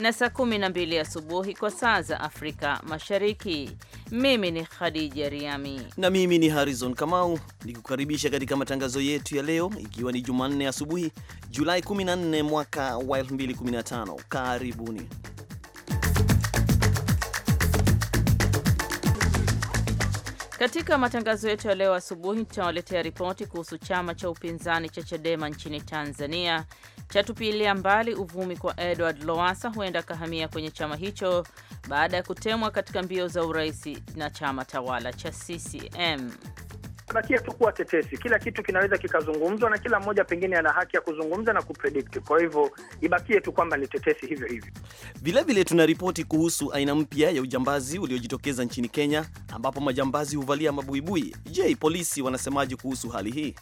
na saa 12 asubuhi kwa saa za Afrika Mashariki. Mimi ni Khadija Riami na mimi ni Harrison Kamau nikukaribisha katika matangazo yetu ya leo, ikiwa ni Jumanne asubuhi Julai 14 mwaka wa 2015. Karibuni. Katika matangazo yetu ya leo asubuhi tutawaletea ripoti kuhusu chama cha upinzani cha Chadema nchini Tanzania chatupilia mbali uvumi kwa Edward lowasa huenda akahamia kwenye chama hicho baada ya kutemwa katika mbio za urais na chama tawala cha CCM bakia tu kuwa tetesi. Kila kitu kinaweza kikazungumzwa na kila mmoja pengine ana haki ya kuzungumza na kupredict. Kwa hivyo ibakie tu kwamba ni tetesi hivyo hivyo. Vilevile ripoti kuhusu aina mpya ya ujambazi uliojitokeza nchini Kenya, ambapo majambazi huvalia mabuibui. Je, polisi wanasemaje kuhusu hali hii?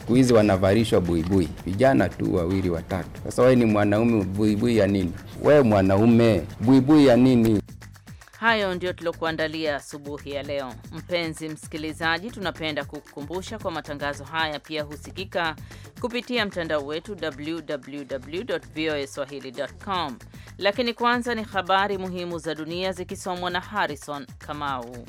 Siku hizi wanavarishwa buibui vijana tu wawili watatu. Sasa wewe ni mwanaume, buibui ya nini? Wewe mwanaume, buibui ya nini? Hayo ndio tuliokuandalia asubuhi ya leo. Mpenzi msikilizaji, tunapenda kukukumbusha kwa matangazo haya pia husikika kupitia mtandao wetu www.voaswahili.com. Lakini kwanza ni habari muhimu za dunia zikisomwa na Harrison Kamau.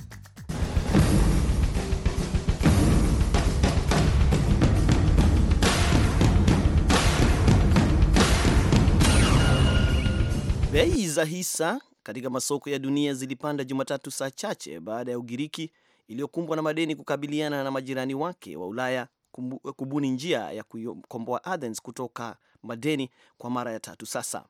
Bei za hisa katika masoko ya dunia zilipanda Jumatatu saa chache baada ya Ugiriki iliyokumbwa na madeni kukabiliana na majirani wake wa Ulaya kumbu, kubuni njia ya kuikomboa Athens kutoka madeni kwa mara ya tatu sasa.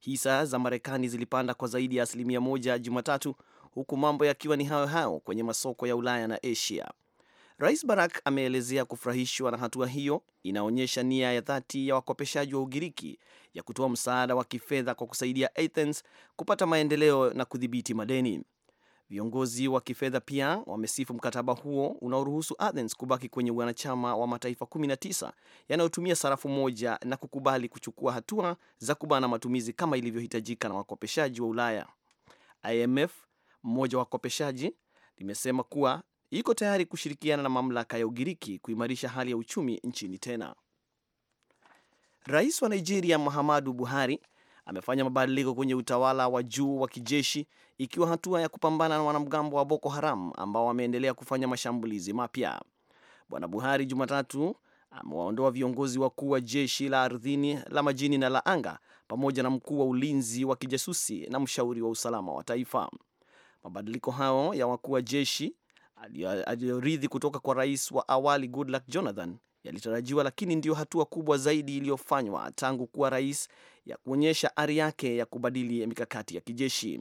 Hisa za Marekani zilipanda kwa zaidi ya asilimia moja Jumatatu, huku mambo yakiwa ni hayo hayo kwenye masoko ya Ulaya na Asia. Rais Barak ameelezea kufurahishwa na hatua hiyo, inaonyesha nia ya dhati ya wakopeshaji wa Ugiriki ya kutoa msaada wa kifedha kwa kusaidia Athens kupata maendeleo na kudhibiti madeni. Viongozi wa kifedha pia wamesifu mkataba huo unaoruhusu Athens kubaki kwenye wanachama wa mataifa 19 yanayotumia sarafu moja na kukubali kuchukua hatua za kubana matumizi kama ilivyohitajika na wakopeshaji wa Ulaya. IMF, mmoja wa wakopeshaji, limesema kuwa iko tayari kushirikiana na mamlaka ya Ugiriki kuimarisha hali ya uchumi nchini tena. Rais wa Nigeria Muhammadu Buhari amefanya mabadiliko kwenye utawala wa juu wa kijeshi ikiwa hatua ya kupambana na wanamgambo wa Boko Haram ambao wameendelea kufanya mashambulizi mapya. Bwana Buhari Jumatatu amewaondoa viongozi wakuu wa jeshi la ardhini, la majini na la anga pamoja na mkuu wa ulinzi wa kijasusi na mshauri wa usalama wa taifa. Mabadiliko hayo ya wakuu wa jeshi aliyorithi kutoka kwa rais wa awali Goodluck Jonathan yalitarajiwa, lakini ndiyo hatua kubwa zaidi iliyofanywa tangu kuwa rais ya kuonyesha ari yake ya kubadili ya mikakati ya kijeshi.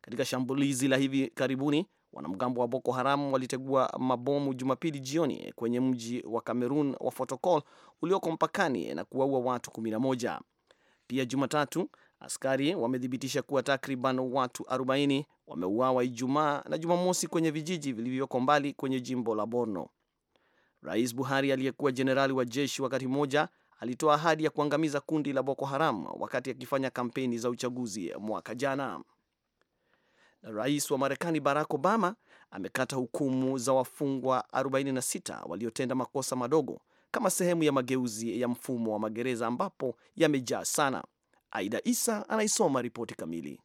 Katika shambulizi la hivi karibuni, wanamgambo wa Boko Haram walitegua mabomu Jumapili jioni kwenye mji wa Kamerun wa Fotokol ulioko mpakani na kuwaua watu 11. Pia Jumatatu Askari wamethibitisha kuwa takriban watu 40 wameuawa Ijumaa na Jumamosi kwenye vijiji vilivyoko mbali kwenye jimbo la Borno. Rais Buhari aliyekuwa jenerali wa jeshi wakati mmoja alitoa ahadi ya kuangamiza kundi la Boko Haram wakati akifanya kampeni za uchaguzi mwaka jana. Rais wa Marekani Barack Obama amekata hukumu za wafungwa 46 waliotenda makosa madogo kama sehemu ya mageuzi ya mfumo wa magereza ambapo yamejaa sana. Aida Isa anaisoma ripoti kamili.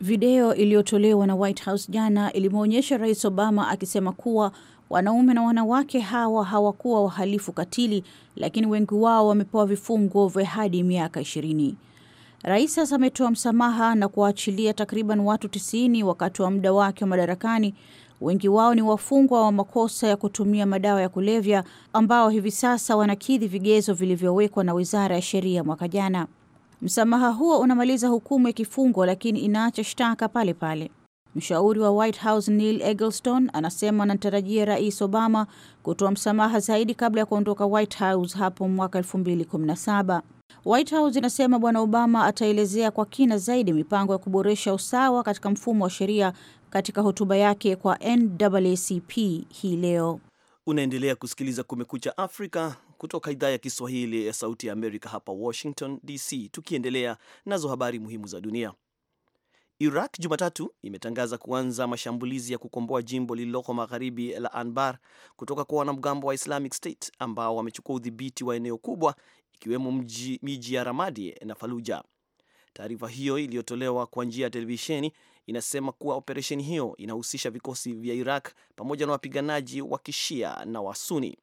Video iliyotolewa na White House jana ilimwonyesha Rais Obama akisema kuwa wanaume na wanawake hawa hawakuwa wahalifu katili, lakini wengi wao wamepewa vifungo vya hadi miaka ishirini. Rais sasa ametoa msamaha na kuwaachilia takriban watu tisini wakati wa muda wake wa madarakani. Wengi wao ni wafungwa wa makosa ya kutumia madawa ya kulevya ambao hivi sasa wanakidhi vigezo vilivyowekwa na Wizara ya Sheria mwaka jana. Msamaha huo unamaliza hukumu ya kifungo, lakini inaacha shtaka pale pale. Mshauri wa White House Neil Eggleston anasema anatarajia Rais Obama kutoa msamaha zaidi kabla ya kuondoka White House hapo mwaka 2017. White House inasema Bwana Obama ataelezea kwa kina zaidi mipango ya kuboresha usawa katika mfumo wa sheria katika hotuba yake kwa NAACP hii leo. Unaendelea kusikiliza Kumekucha Afrika kutoka idhaa ya Kiswahili ya Sauti ya Amerika hapa Washington DC, tukiendelea nazo habari muhimu za dunia. Iraq Jumatatu imetangaza kuanza mashambulizi ya kukomboa jimbo lililoko magharibi la Anbar kutoka kwa wanamgambo wa Islamic State ambao wamechukua udhibiti wa eneo kubwa ikiwemo miji ya Ramadi na Faluja. Taarifa hiyo iliyotolewa kwa njia ya televisheni inasema kuwa operesheni hiyo inahusisha vikosi vya Iraq pamoja na wapiganaji wa Kishia na Wasuni.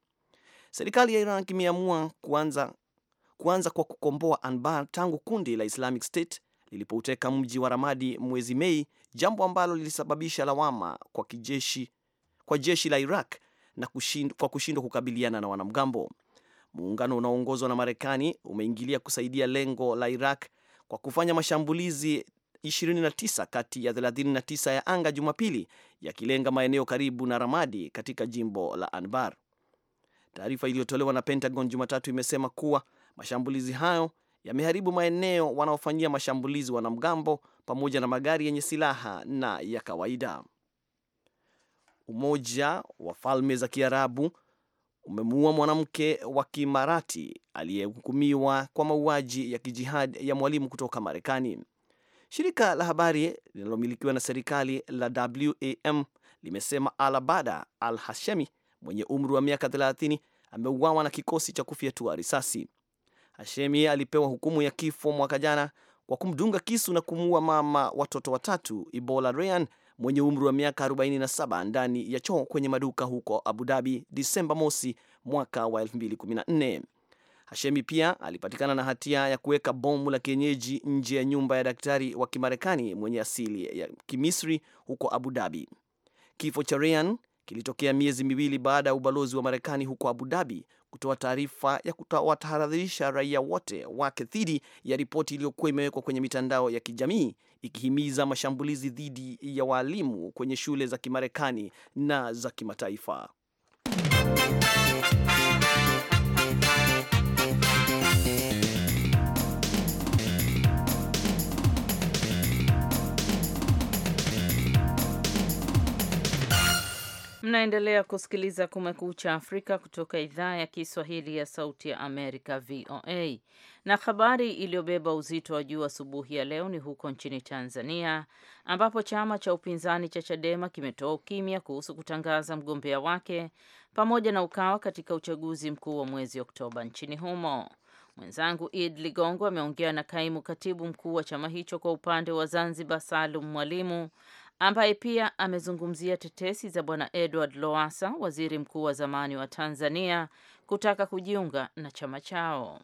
Serikali ya Iraq imeamua kuanza, kuanza kwa kukomboa Anbar tangu kundi la Islamic State lilipouteka mji wa Ramadi mwezi Mei, jambo ambalo lilisababisha lawama kwa kijeshi, kwa jeshi la Iraq na kushind, kwa kushindwa kukabiliana na wanamgambo. Muungano unaoongozwa na Marekani umeingilia kusaidia lengo la Iraq kwa kufanya mashambulizi 29 kati ya 39 ya anga Jumapili yakilenga maeneo karibu na Ramadi katika jimbo la Anbar. Taarifa iliyotolewa na Pentagon Jumatatu imesema kuwa mashambulizi hayo yameharibu maeneo wanaofanyia mashambulizi wanamgambo pamoja na magari yenye silaha na ya kawaida. Umoja wa Falme za Kiarabu umemuua mwanamke wa Kimarati aliyehukumiwa kwa mauaji ya kijihadi ya mwalimu kutoka Marekani. Shirika la habari linalomilikiwa na serikali la WAM limesema Al Al Hashemi mwenye umri wa miaka 30 ameuawa na kikosi cha kufyatua risasi. Hashemi alipewa hukumu ya kifo mwaka jana kwa kumdunga kisu na kumuua mama watoto watatu Ibola Ryan mwenye umri wa miaka 47 ndani ya choo kwenye maduka huko Abu Dhabi Disemba mosi mwaka wa 2014. Hashemi pia alipatikana na hatia ya kuweka bomu la kienyeji nje ya nyumba ya daktari wa Kimarekani mwenye asili ya Kimisri huko Abu Dhabi. Kifo cha Ryan kilitokea miezi miwili baada ya ubalozi wa Marekani huko Abu Dhabi kutoa taarifa ya kutawatahadharisha raia wote wake dhidi ya ripoti iliyokuwa imewekwa kwenye mitandao ya kijamii ikihimiza mashambulizi dhidi ya waalimu kwenye shule za Kimarekani na za kimataifa. Mnaendelea kusikiliza Kumekucha Afrika kutoka idhaa ya Kiswahili ya Sauti ya Amerika, VOA. Na habari iliyobeba uzito wa juu asubuhi ya leo ni huko nchini Tanzania, ambapo chama cha upinzani cha Chadema kimetoa ukimya kuhusu kutangaza mgombea wake pamoja na Ukawa katika uchaguzi mkuu wa mwezi Oktoba nchini humo. Mwenzangu Id Ligongo ameongea na kaimu katibu mkuu wa chama hicho kwa upande wa Zanzibar, Salum Mwalimu, ambaye pia amezungumzia tetesi za bwana Edward Lowassa, waziri mkuu wa zamani wa Tanzania, kutaka kujiunga na chama chao.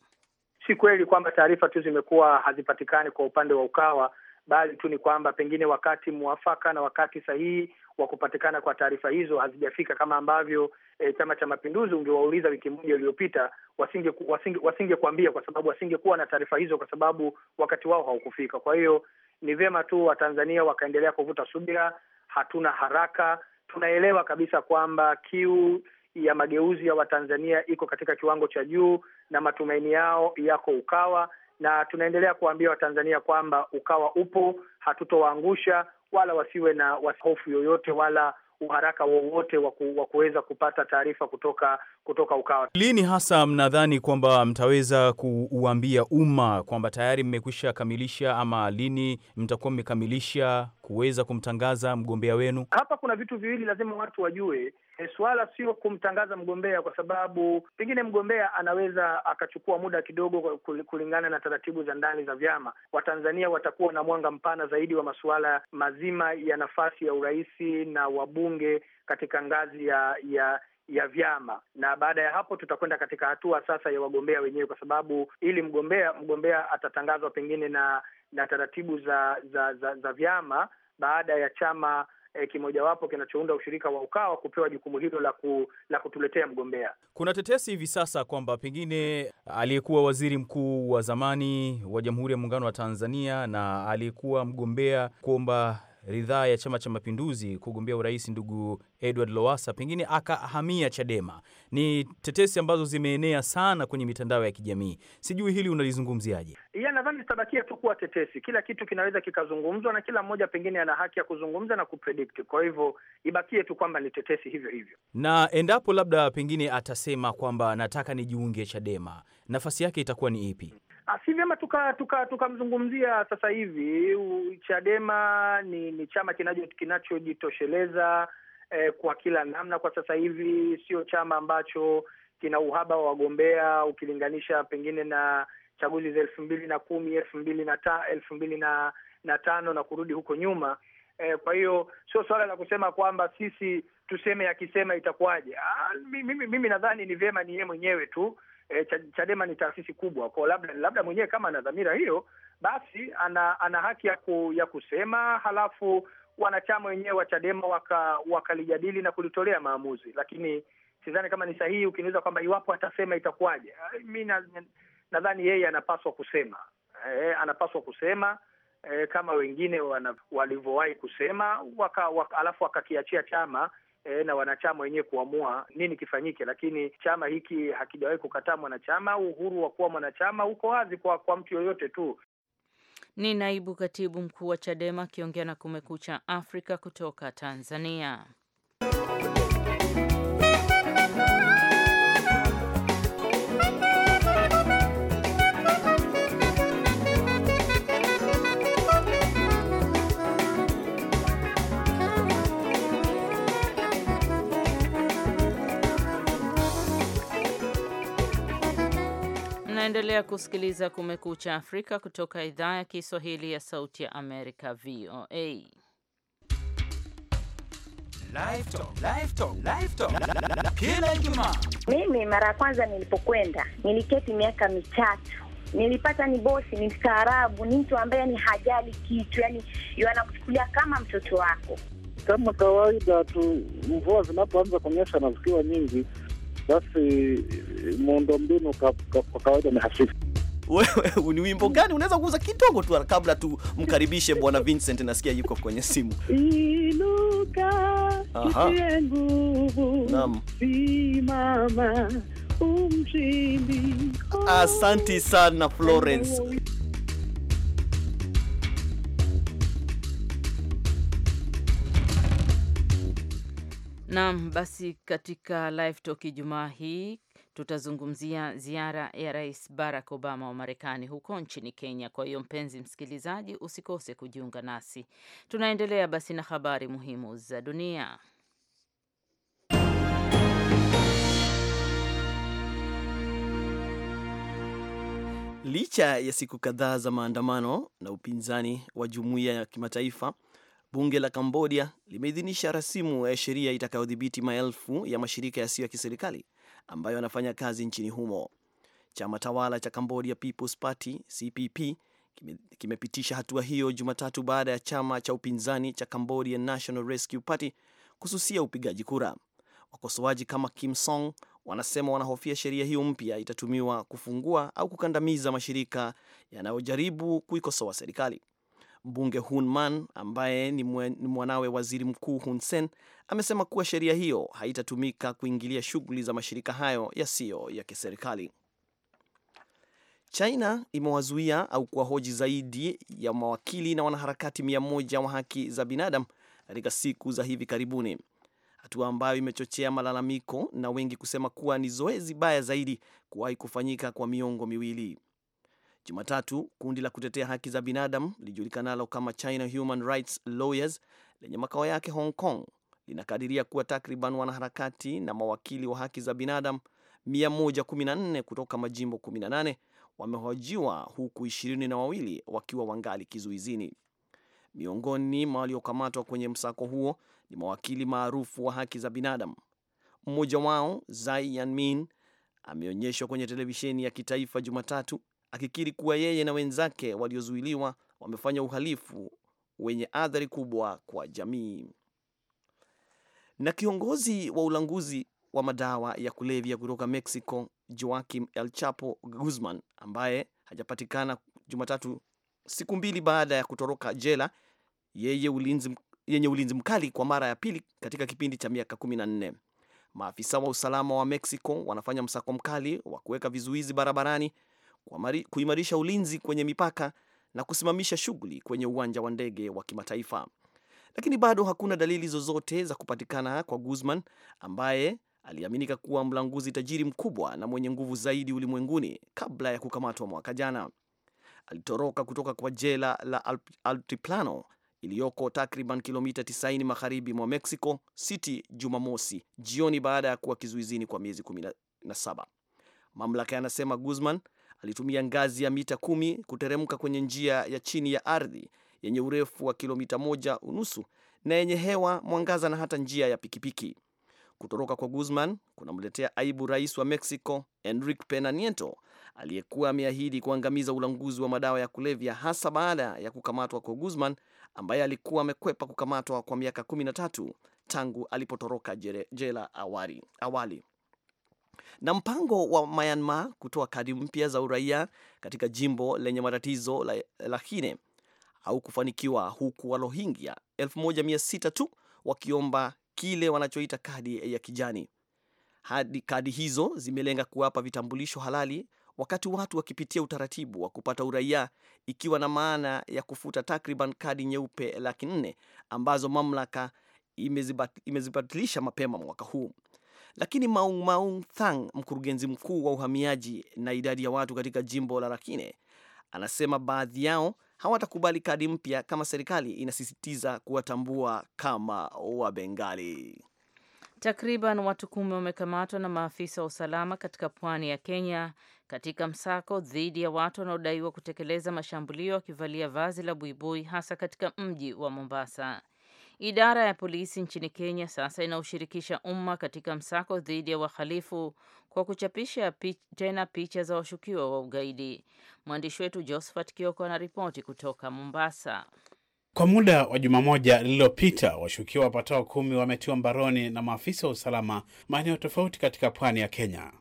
Si kweli kwamba taarifa tu zimekuwa hazipatikani kwa upande wa Ukawa, bali tu ni kwamba pengine wakati mwafaka na wakati sahihi wa kupatikana kwa taarifa hizo hazijafika, kama ambavyo e, Chama cha Mapinduzi ungewauliza wiki moja iliyopita wasingekuambia, wasinge, wasinge kwa sababu wasingekuwa na taarifa hizo, kwa sababu wakati wao haukufika. Kwa hiyo ni vyema tu Watanzania wakaendelea kuvuta subira. Hatuna haraka, tunaelewa kabisa kwamba kiu ya mageuzi ya Watanzania iko katika kiwango cha juu na matumaini yao yako Ukawa, na tunaendelea kuwaambia Watanzania kwamba Ukawa upo, hatutowaangusha wala wasiwe na hofu yoyote wala uharaka wowote wa kuweza kupata taarifa kutoka kutoka UKAWA. Lini hasa mnadhani kwamba mtaweza kuuambia umma kwamba tayari mmekwisha kamilisha, ama lini mtakuwa mmekamilisha kuweza kumtangaza mgombea wenu? Hapa kuna vitu viwili lazima watu wajue. E, suala sio kumtangaza mgombea, kwa sababu pengine mgombea anaweza akachukua muda kidogo kulingana na taratibu za ndani za vyama. Watanzania watakuwa na mwanga mpana zaidi wa masuala mazima ya nafasi ya urahisi na wabunge katika ngazi ya ya ya vyama na baada ya hapo tutakwenda katika hatua sasa ya wagombea wenyewe, kwa sababu ili mgombea mgombea atatangazwa pengine na na taratibu za za, za za vyama baada ya chama e, kimojawapo kinachounda ushirika wa Ukawa kupewa jukumu hilo la, ku, la kutuletea mgombea. Kuna tetesi hivi sasa kwamba pengine aliyekuwa waziri mkuu wa zamani wa Jamhuri ya Muungano wa Tanzania na aliyekuwa mgombea kuomba ridhaa ya Chama cha Mapinduzi kugombea urais ndugu Edward lowasa pengine akahamia Chadema. Ni tetesi ambazo zimeenea sana kwenye mitandao ya kijamii, sijui hili unalizungumziaje? Ya, nadhani zitabakia tu kuwa tetesi. Kila kitu kinaweza kikazungumzwa na kila mmoja pengine ana haki ya kuzungumza na ku kwa hivyo ibakie tu kwamba ni tetesi hivyo hivyo, na endapo labda pengine atasema kwamba nataka nijiunge Chadema, nafasi yake itakuwa ni ipi? Ah, si vyema tukamzungumzia tuka, tuka sasa hivi. Chadema ni, ni chama kinachojitosheleza eh, kwa kila namna kwa sasa hivi, sio chama ambacho kina uhaba wa wagombea ukilinganisha pengine na chaguzi za elfu mbili na kumi elfu mbili na ta, elfu mbili na, na tano na kurudi huko nyuma eh, kwa hiyo sio suala la kusema kwamba sisi tuseme akisema itakuwaje. Ah, mimi, mimi nadhani ni vyema ni yeye mwenyewe tu e, Chadema ni taasisi kubwa, kwa labda labda mwenyewe kama ana dhamira hiyo, basi ana, ana haki ya, ku, ya kusema halafu wanachama wenyewe wa Chadema wakalijadili waka na kulitolea maamuzi, lakini sidhani kama ni sahihi ukiniuliza kwamba iwapo atasema itakuwaje. Eh, mi nadhani yeye anapaswa kusema e, anapaswa kusema e, kama wengine walivyowahi kusema waka, waka, alafu wakakiachia chama e, na wanachama wenyewe kuamua nini kifanyike, lakini chama hiki hakijawahi kukataa mwanachama. Uhuru wa kuwa mwanachama uko wazi kwa, kwa mtu yoyote tu. Ni naibu katibu mkuu wa Chadema akiongea na Kumekucha Afrika kutoka Tanzania. Unaendelea kusikiliza Kumekucha Afrika kutoka idhaa ya Kiswahili ya Sauti ya Amerika, VOA. Kila Ijumaa mimi mara ya kwanza nilipokwenda niliketi miaka mitatu nilipata ni bosi, ni mstaarabu, ni mtu ambaye ni hajali kitu, yani anakuchukulia kama mtoto wako, kama kawaida tu. Mvua zinapoanza kunyesha na zikiwa nyingi basi mbinu kwa kawaida ni hafifu. Wewe ni wimbo gani unaweza kuuza kidogo tu kabla tumkaribishe Bwana Vincent, nasikia yuko kwenye simu. Inuka kitie nguvu, simama umshindi. Oh. Asanti sana Florence. Naam, basi katika live talk Ijumaa hii tutazungumzia ziara ya Rais Barack Obama wa Marekani huko nchini Kenya. Kwa hiyo mpenzi msikilizaji, usikose kujiunga nasi. Tunaendelea basi na habari muhimu za dunia. Licha ya siku kadhaa za maandamano na upinzani wa jumuiya ya kimataifa Bunge la Kambodia limeidhinisha rasimu ya sheria itakayodhibiti maelfu ya mashirika yasiyo ya kiserikali ambayo yanafanya kazi nchini humo. Chama tawala cha Cambodia People's Party CPP kimepitisha kime hatua hiyo Jumatatu baada ya chama cha upinzani cha Cambodia National Rescue Party kususia upigaji kura. Wakosoaji kama Kim Song wanasema wanahofia sheria hiyo mpya itatumiwa kufungua au kukandamiza mashirika yanayojaribu kuikosoa serikali. Mbunge Hun Man ambaye ni mwanawe waziri mkuu Hun Sen amesema kuwa sheria hiyo haitatumika kuingilia shughuli za mashirika hayo yasiyo ya kiserikali. China imewazuia au kuwahoji zaidi ya mawakili na wanaharakati mia moja wa haki za binadamu katika siku za hivi karibuni, hatua ambayo imechochea malalamiko na wengi kusema kuwa ni zoezi baya zaidi kuwahi kufanyika kwa miongo miwili. Jumatatu, kundi la kutetea haki za binadamu lilijulikanalo kama China Human Rights Lawyers lenye makao yake Hong Kong linakadiria kuwa takriban wanaharakati na mawakili wa haki za binadamu 114 kutoka majimbo 18 wamehojiwa huku ishirini na wawili wakiwa wangali kizuizini. Miongoni mwa waliokamatwa kwenye msako huo ni mawakili maarufu wa haki za binadamu. Mmoja wao Zai Yanmin ameonyeshwa kwenye televisheni ya kitaifa Jumatatu akikiri kuwa yeye na wenzake waliozuiliwa wamefanya uhalifu wenye athari kubwa kwa jamii. Na kiongozi wa ulanguzi wa madawa ya kulevya kutoka Mexico, Joaquim El Chapo Guzman, ambaye hajapatikana Jumatatu, siku mbili baada ya kutoroka jela yeye ulinzi, yenye ulinzi mkali kwa mara ya pili katika kipindi cha miaka 14. Maafisa wa usalama wa Mexico wanafanya msako mkali wa kuweka vizuizi barabarani kuimarisha ulinzi kwenye mipaka na kusimamisha shughuli kwenye uwanja wa ndege wa kimataifa, lakini bado hakuna dalili zozote za kupatikana kwa Guzman ambaye aliaminika kuwa mlanguzi tajiri mkubwa na mwenye nguvu zaidi ulimwenguni kabla ya kukamatwa mwaka jana. Alitoroka kutoka kwa jela la Altiplano iliyoko takriban kilomita 90 magharibi mwa Mexico City Jumamosi jioni baada ya kuwa kizuizini kwa miezi 17. Mamlaka yanasema Guzman alitumia ngazi ya mita kumi kuteremka kwenye njia ya chini ya ardhi yenye urefu wa kilomita moja unusu na yenye hewa, mwangaza na hata njia ya pikipiki. Kutoroka kwa Guzman kunamletea aibu rais wa Mexico Enrique Pena Nieto aliyekuwa ameahidi kuangamiza ulanguzi wa madawa ya kulevya, hasa baada ya kukamatwa kwa Guzman ambaye alikuwa amekwepa kukamatwa kwa miaka 13 tangu alipotoroka jela awali na mpango wa Myanmar kutoa kadi mpya za uraia katika jimbo lenye matatizo la au kufanikiwa huku Warohingya 1600 tu wakiomba kile wanachoita kadi ya kijani. Hadi kadi hizo zimelenga kuwapa vitambulisho halali wakati watu wakipitia utaratibu wa kupata uraia, ikiwa na maana ya kufuta takriban kadi nyeupe laki nne ambazo mamlaka imezibatilisha mapema mwaka huu. Lakini Maung Maung Thang, mkurugenzi mkuu wa uhamiaji na idadi ya watu katika jimbo la Rakhine, anasema baadhi yao hawatakubali kadi mpya kama serikali inasisitiza kuwatambua kama Wabengali. Takriban watu kumi wamekamatwa na maafisa wa usalama katika pwani ya Kenya katika msako dhidi ya watu wanaodaiwa kutekeleza mashambulio wakivalia vazi la buibui, hasa katika mji wa Mombasa. Idara ya polisi nchini Kenya sasa inaushirikisha umma katika msako dhidi ya wahalifu kwa kuchapisha pich, tena picha za washukiwa wa ugaidi. Mwandishi wetu Josephat Kioko anaripoti kutoka Mombasa. Kwa muda wa juma moja lililopita, washukiwa wapatao kumi wametiwa mbaroni na maafisa wa usalama maeneo tofauti katika pwani ya Kenya.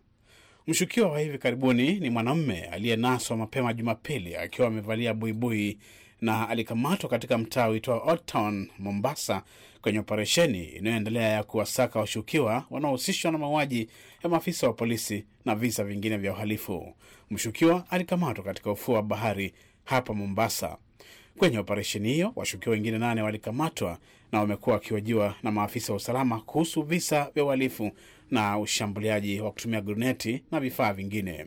Mshukiwa wa hivi karibuni ni mwanamume aliyenaswa mapema Jumapili akiwa amevalia buibui na alikamatwa katika mtaa wito wa Town, Mombasa, kwenye operesheni inayoendelea ya kuwasaka washukiwa wanaohusishwa na mauaji ya maafisa wa polisi na visa vingine vya uhalifu. Mshukiwa alikamatwa katika ufuo wa bahari hapa Mombasa. Kwenye operesheni hiyo washukiwa wengine nane walikamatwa na wamekuwa wakiwajiwa na maafisa wa usalama kuhusu visa vya uhalifu na ushambuliaji wa kutumia gruneti na vifaa vingine.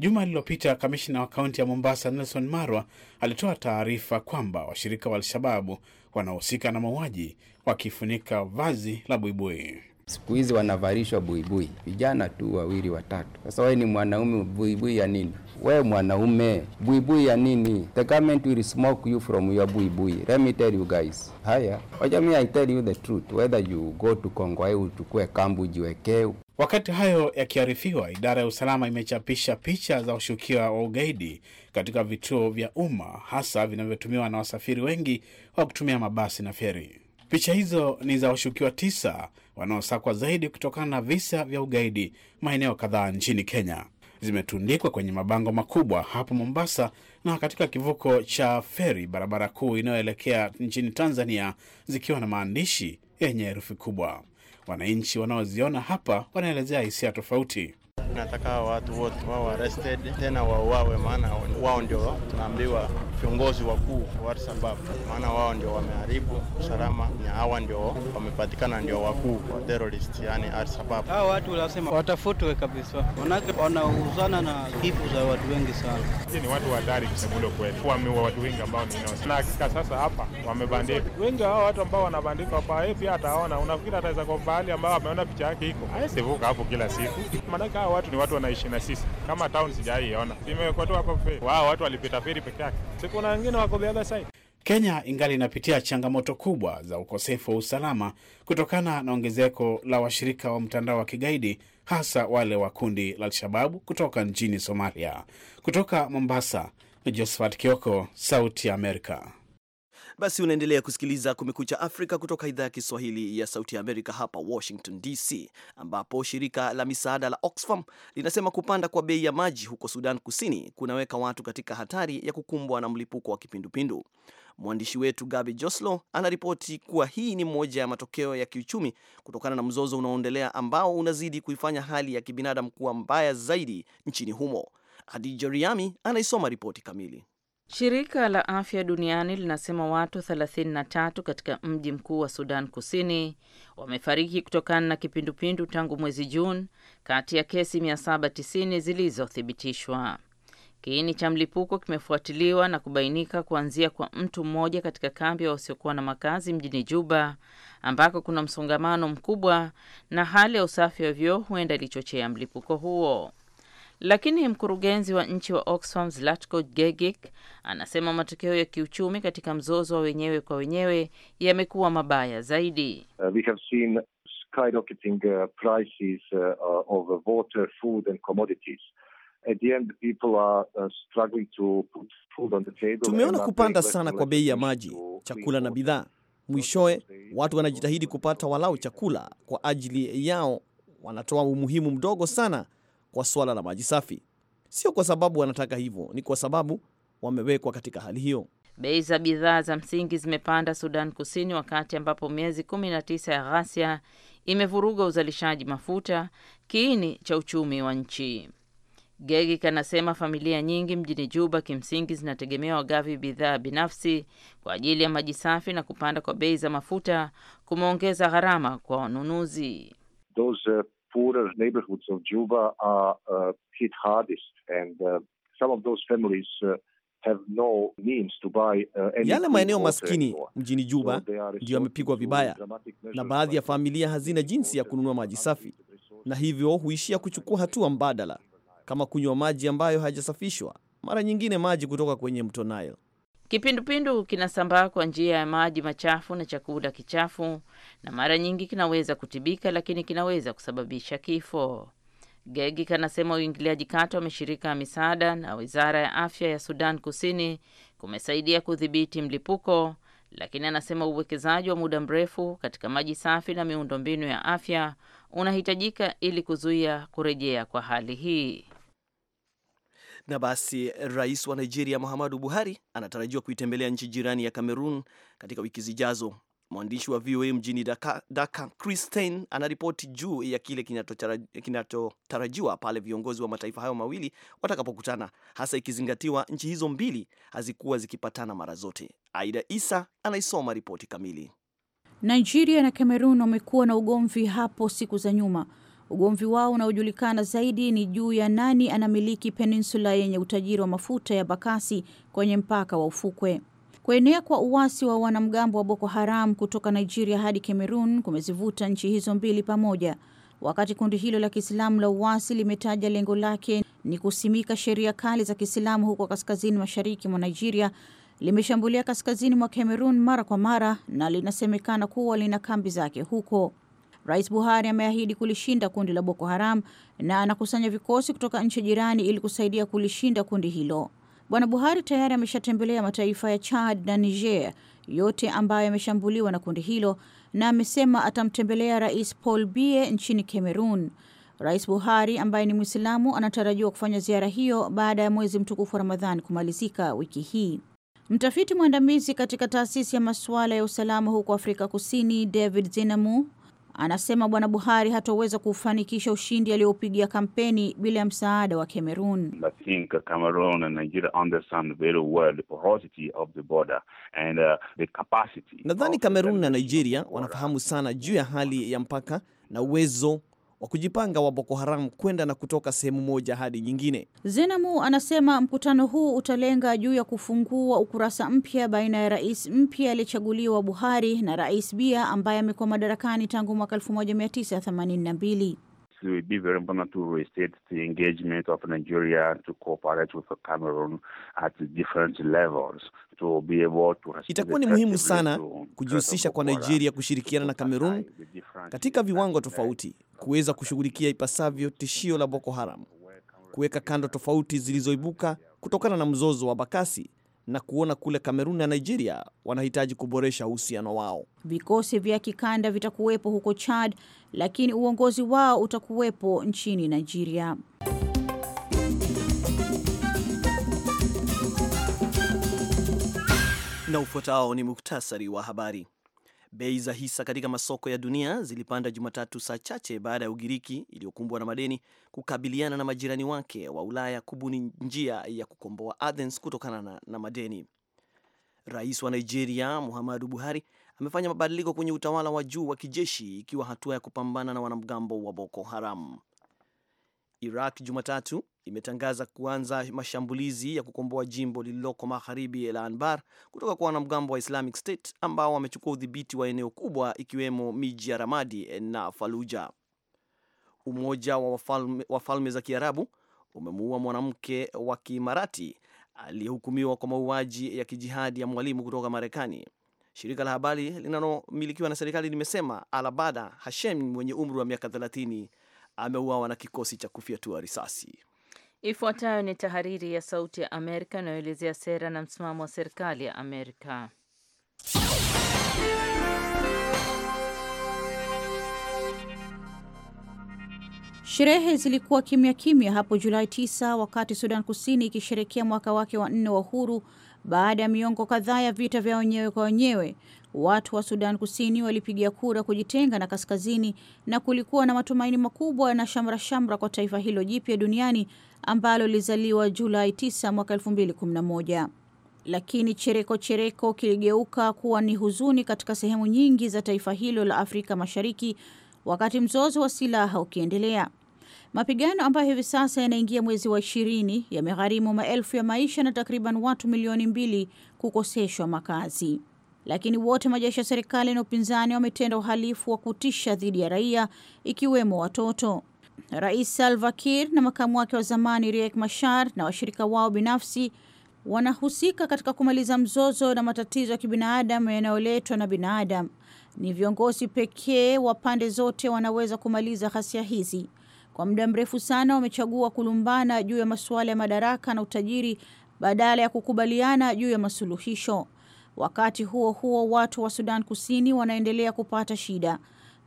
Juma lililopita kamishna wa kaunti ya Mombasa Nelson Marwa alitoa taarifa kwamba washirika wa Alshababu wanahusika na mauaji wakifunika vazi la buibui. Siku hizi wanavarishwa buibui vijana tu wawili watatu. Sasa wewe ni mwanaume, buibui ya nini? We mwanaume, buibui ya nini? The government will smoke you from your buibui. Let me tell you guys. Haya, wacha mimi I tell you the truth, whether you go to uchukue kambu jiwekeu Wakati hayo yakiarifiwa, idara ya usalama imechapisha picha za washukiwa wa ugaidi katika vituo vya umma hasa vinavyotumiwa na wasafiri wengi wa kutumia mabasi na feri. Picha hizo ni za washukiwa tisa wanaosakwa zaidi kutokana na visa vya ugaidi maeneo kadhaa nchini Kenya. Zimetundikwa kwenye mabango makubwa hapo Mombasa na katika kivuko cha feri barabara kuu inayoelekea nchini Tanzania, zikiwa na maandishi yenye herufi kubwa. Wananchi wanaoziona hapa wanaelezea hisia tofauti. Nataka watu wote wao arrested tena wauawe, maana wao ndio tunaambiwa viongozi wakuu wa sababu, maana wao ndio wameharibu usalama na hawa ndio wamepatikana ndio wakuu wa terrorist, yani sababu hao watu wanasema watafutwe kabisa, manake wanauzana na kifo za watu wengi sana. Ni watu hatari kusema kweli, wameua watu wengi ambao na hakika sasa hapa wamebandika wengi. Hao watu ambao wanabandika hapa pia ataona, unafikiri ataweza kwa mbali ambao ameona picha yake iko aisevuka hapo kila siku, manake hao watu ni watu wanaishi na sisi kama town, sijaiona imekuwa tu hapo feri. Wao watu walipita feri peke yake, si kuna wengine wako the other side. Kenya ingali inapitia changamoto kubwa za ukosefu wa usalama kutokana na ongezeko la washirika wa mtandao wa kigaidi hasa wale wa kundi la Alshababu kutoka nchini Somalia. Kutoka Mombasa ni Josephat Kioko, Sauti ya Amerika. Basi unaendelea kusikiliza Kumekucha Afrika kutoka idhaa ya Kiswahili ya Sauti ya Amerika hapa Washington DC, ambapo shirika la misaada la Oxfam linasema kupanda kwa bei ya maji huko Sudan Kusini kunaweka watu katika hatari ya kukumbwa na mlipuko wa kipindupindu. Mwandishi wetu Gabi Joslo anaripoti kuwa hii ni moja ya matokeo ya kiuchumi kutokana na mzozo unaoendelea ambao unazidi kuifanya hali ya kibinadamu kuwa mbaya zaidi nchini humo. Hadija Riami anaisoma ripoti kamili. Shirika la Afya Duniani linasema watu 33 katika mji mkuu wa Sudan Kusini wamefariki kutokana na kipindupindu tangu mwezi Juni kati ya kesi 790 zilizothibitishwa. Kiini cha mlipuko kimefuatiliwa na kubainika kuanzia kwa mtu mmoja katika kambi ya wasiokuwa na makazi mjini Juba ambako kuna msongamano mkubwa na hali ya usafi wa vyoo huenda ilichochea mlipuko huo. Lakini mkurugenzi wa nchi wa Oxfam Zlatko Gegic anasema matokeo ya kiuchumi katika mzozo wa wenyewe kwa wenyewe yamekuwa mabaya zaidi. Uh, we have seen skyrocketing uh, prices uh, uh of water, food and commodities. Tumeona kupanda sana kwa bei ya maji, chakula na bidhaa. Mwishowe watu wanajitahidi kupata walau chakula kwa ajili yao, wanatoa umuhimu mdogo sana kwa swala la maji safi. Sio kwa sababu wanataka hivyo, ni kwa sababu wamewekwa katika hali hiyo. Bei za bidhaa za msingi zimepanda Sudan Kusini, wakati ambapo miezi 19 ya ghasia imevuruga uzalishaji mafuta, kiini cha uchumi wa nchi. Gegik anasema familia nyingi mjini Juba kimsingi zinategemea wagavi bidhaa binafsi kwa ajili ya maji safi, na kupanda kwa bei za mafuta kumeongeza gharama kwa wanunuzi. Those, uh, poorer neighborhoods of Juba are uh, hit hardest, and uh, some of those families uh, have no means to buy, uh, any yale maeneo maskini mjini Juba ndio yamepigwa vibaya, na baadhi ya familia hazina jinsi ya kununua maji safi, na hivyo huishia kuchukua hatua mbadala kama kunywa maji ambayo hayajasafishwa mara nyingine maji kutoka kwenye mto Nile. Kipindupindu kinasambaa kwa njia ya maji machafu na chakula kichafu, na mara nyingi kinaweza kutibika, lakini kinaweza kusababisha kifo. Gegik anasema uingiliaji kati wa mashirika ya misaada na wizara ya afya ya Sudan Kusini kumesaidia kudhibiti mlipuko, lakini anasema uwekezaji wa muda mrefu katika maji safi na miundombinu ya afya unahitajika ili kuzuia kurejea kwa hali hii. Na basi rais wa Nigeria Muhammadu Buhari anatarajiwa kuitembelea nchi jirani ya Cameroon katika wiki zijazo. Mwandishi wa VOA mjini daka cristin Christine anaripoti juu ya kile kinachotarajiwa pale viongozi wa mataifa hayo mawili watakapokutana, hasa ikizingatiwa nchi hizo mbili hazikuwa zikipatana mara zote. Aida Isa anaisoma ripoti kamili. Nigeria na Cameroon wamekuwa na ugomvi hapo siku za nyuma Ugomvi wao unaojulikana zaidi ni juu ya nani anamiliki peninsula yenye utajiri wa mafuta ya bakasi kwenye mpaka wa ufukwe. Kuenea kwa uasi wa wanamgambo wa Boko Haram kutoka Nigeria hadi Cameroon kumezivuta nchi hizo mbili pamoja. Wakati kundi hilo la Kiislamu la uasi limetaja lengo lake ni kusimika sheria kali za Kiislamu huko kaskazini mashariki mwa Nigeria, limeshambulia kaskazini mwa Cameroon mara kwa mara na linasemekana kuwa lina kambi zake huko. Rais Buhari ameahidi kulishinda kundi la Boko Haram na anakusanya vikosi kutoka nchi jirani ili kusaidia kulishinda kundi hilo. Bwana Buhari tayari ameshatembelea mataifa ya Chad na Niger yote ambayo yameshambuliwa na kundi hilo, na amesema atamtembelea Rais Paul Biya nchini Cameroon. Rais Buhari ambaye ni Mwislamu anatarajiwa kufanya ziara hiyo baada ya mwezi mtukufu wa Ramadhani kumalizika wiki hii. Mtafiti mwandamizi katika taasisi ya masuala ya usalama huko Afrika Kusini, David Zinamu Anasema Bwana Buhari hatoweza kufanikisha ushindi aliyopigia kampeni bila ya msaada wa Cameroon. Uh, Nadhani Cameroon na Nigeria wanafahamu sana juu ya hali ya mpaka na uwezo wa kujipanga wa Boko Haram kwenda na kutoka sehemu moja hadi nyingine. Zenamu anasema mkutano huu utalenga juu ya kufungua ukurasa mpya baina ya rais mpya aliyechaguliwa Buhari na Rais bia ambaye amekuwa madarakani tangu mwaka 1982. Itakuwa ni muhimu sana kujihusisha kwa Nigeria kushirikiana na Cameroon katika viwango tofauti kuweza kushughulikia ipasavyo tishio la Boko Haram, kuweka kando tofauti zilizoibuka kutokana na mzozo wa Bakasi na kuona kule Kamerun na Nigeria wanahitaji kuboresha uhusiano wao. Vikosi vya kikanda vitakuwepo huko Chad, lakini uongozi wao utakuwepo nchini Nigeria. Na ufuatao ni muktasari wa habari. Bei za hisa katika masoko ya dunia zilipanda Jumatatu saa chache baada ya Ugiriki iliyokumbwa na madeni kukabiliana na majirani wake wa Ulaya kubuni njia ya kukomboa Athens kutokana na, na madeni. Rais wa Nigeria Muhammadu Buhari amefanya mabadiliko kwenye utawala wa juu wa kijeshi ikiwa hatua ya kupambana na wanamgambo wa Boko Haram. Iraq Jumatatu imetangaza kuanza mashambulizi ya kukomboa jimbo lililoko magharibi la Anbar kutoka kwa wanamgambo wa Islamic State ambao wamechukua udhibiti wa eneo kubwa ikiwemo miji ya Ramadi na Faluja. Umoja wa wafalme, wafalme za Kiarabu umemuua mwanamke wa Kiimarati aliyehukumiwa kwa mauaji ya kijihadi ya mwalimu kutoka Marekani. Shirika la habari linalomilikiwa na serikali limesema Alabada Hashem mwenye umri wa miaka 30 ameuawa na kikosi cha kufyatua risasi. Ifuatayo ni tahariri ya Sauti ya Amerika inayoelezea sera na msimamo wa serikali ya Amerika. Sherehe zilikuwa kimya kimya hapo Julai 9 wakati Sudan Kusini ikisherekea mwaka wake wa nne wa uhuru baada ya miongo kadhaa ya vita vya wenyewe kwa wenyewe. Watu wa Sudan Kusini walipiga kura kujitenga na kaskazini na kulikuwa na matumaini makubwa na shamra shamra kwa taifa hilo jipya duniani ambalo lilizaliwa Julai 9 mwaka 2011. Lakini chereko chereko kiligeuka kuwa ni huzuni katika sehemu nyingi za taifa hilo la Afrika Mashariki wakati mzozo wa silaha ukiendelea. Mapigano ambayo hivi sasa yanaingia mwezi wa ishirini yamegharimu maelfu ya maisha na takriban watu milioni mbili kukoseshwa makazi. Lakini wote majeshi ya serikali na upinzani wametenda uhalifu wa kutisha dhidi ya raia, ikiwemo watoto. Rais Salva Kiir na makamu wake wa zamani Riek Machar na washirika wao binafsi wanahusika katika kumaliza mzozo na matatizo ya kibinadamu yanayoletwa na binadamu. Ni viongozi pekee wa pande zote wanaweza kumaliza ghasia hizi kwa muda mrefu sana wamechagua kulumbana juu ya masuala ya madaraka na utajiri badala ya kukubaliana juu ya masuluhisho. Wakati huo huo, watu wa Sudan Kusini wanaendelea kupata shida.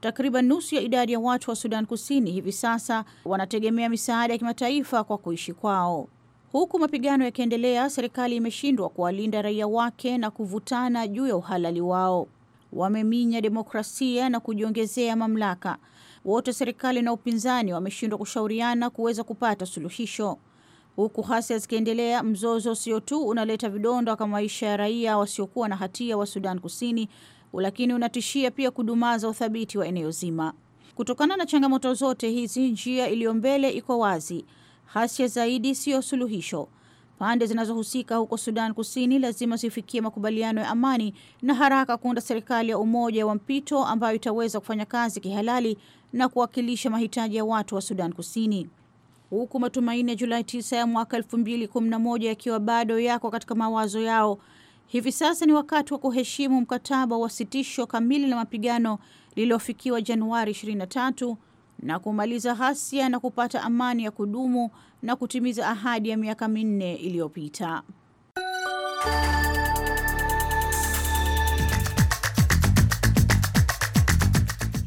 Takriban nusu ya idadi ya watu wa Sudan Kusini hivi sasa wanategemea misaada ya kimataifa kwa kuishi kwao. Huku mapigano yakiendelea, serikali imeshindwa kuwalinda raia wake na kuvutana juu ya uhalali wao. Wameminya demokrasia na kujiongezea mamlaka wote serikali na upinzani wameshindwa kushauriana kuweza kupata suluhisho, huku ghasia zikiendelea. Mzozo sio tu unaleta vidonda kwa maisha ya raia wasiokuwa na hatia wa Sudan Kusini, lakini unatishia pia kudumaza uthabiti wa eneo zima. Kutokana na changamoto zote hizi, njia iliyo mbele iko wazi: ghasia zaidi siyo suluhisho. Pande zinazohusika huko Sudan Kusini lazima zifikie makubaliano ya amani na haraka kuunda serikali ya umoja wa mpito ambayo itaweza kufanya kazi kihalali na kuwakilisha mahitaji ya watu wa Sudan Kusini, huku matumaini ya Julai 9 ya mwaka 2011 yakiwa bado yako katika mawazo yao. Hivi sasa ni wakati wa kuheshimu mkataba wa sitisho kamili la mapigano lililofikiwa Januari 23 na kumaliza ghasia na kupata amani ya kudumu na kutimiza ahadi ya miaka minne iliyopita.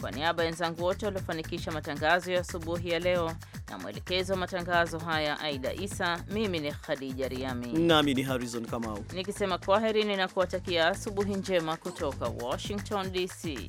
Kwa niaba ya wenzangu wote waliofanikisha matangazo ya asubuhi ya leo na mwelekezo wa matangazo haya Aida Isa, mimi ni Khadija Riami nami ni Harrison Kamau nikisema kwaheri, ninakuwatakia asubuhi njema kutoka Washington DC.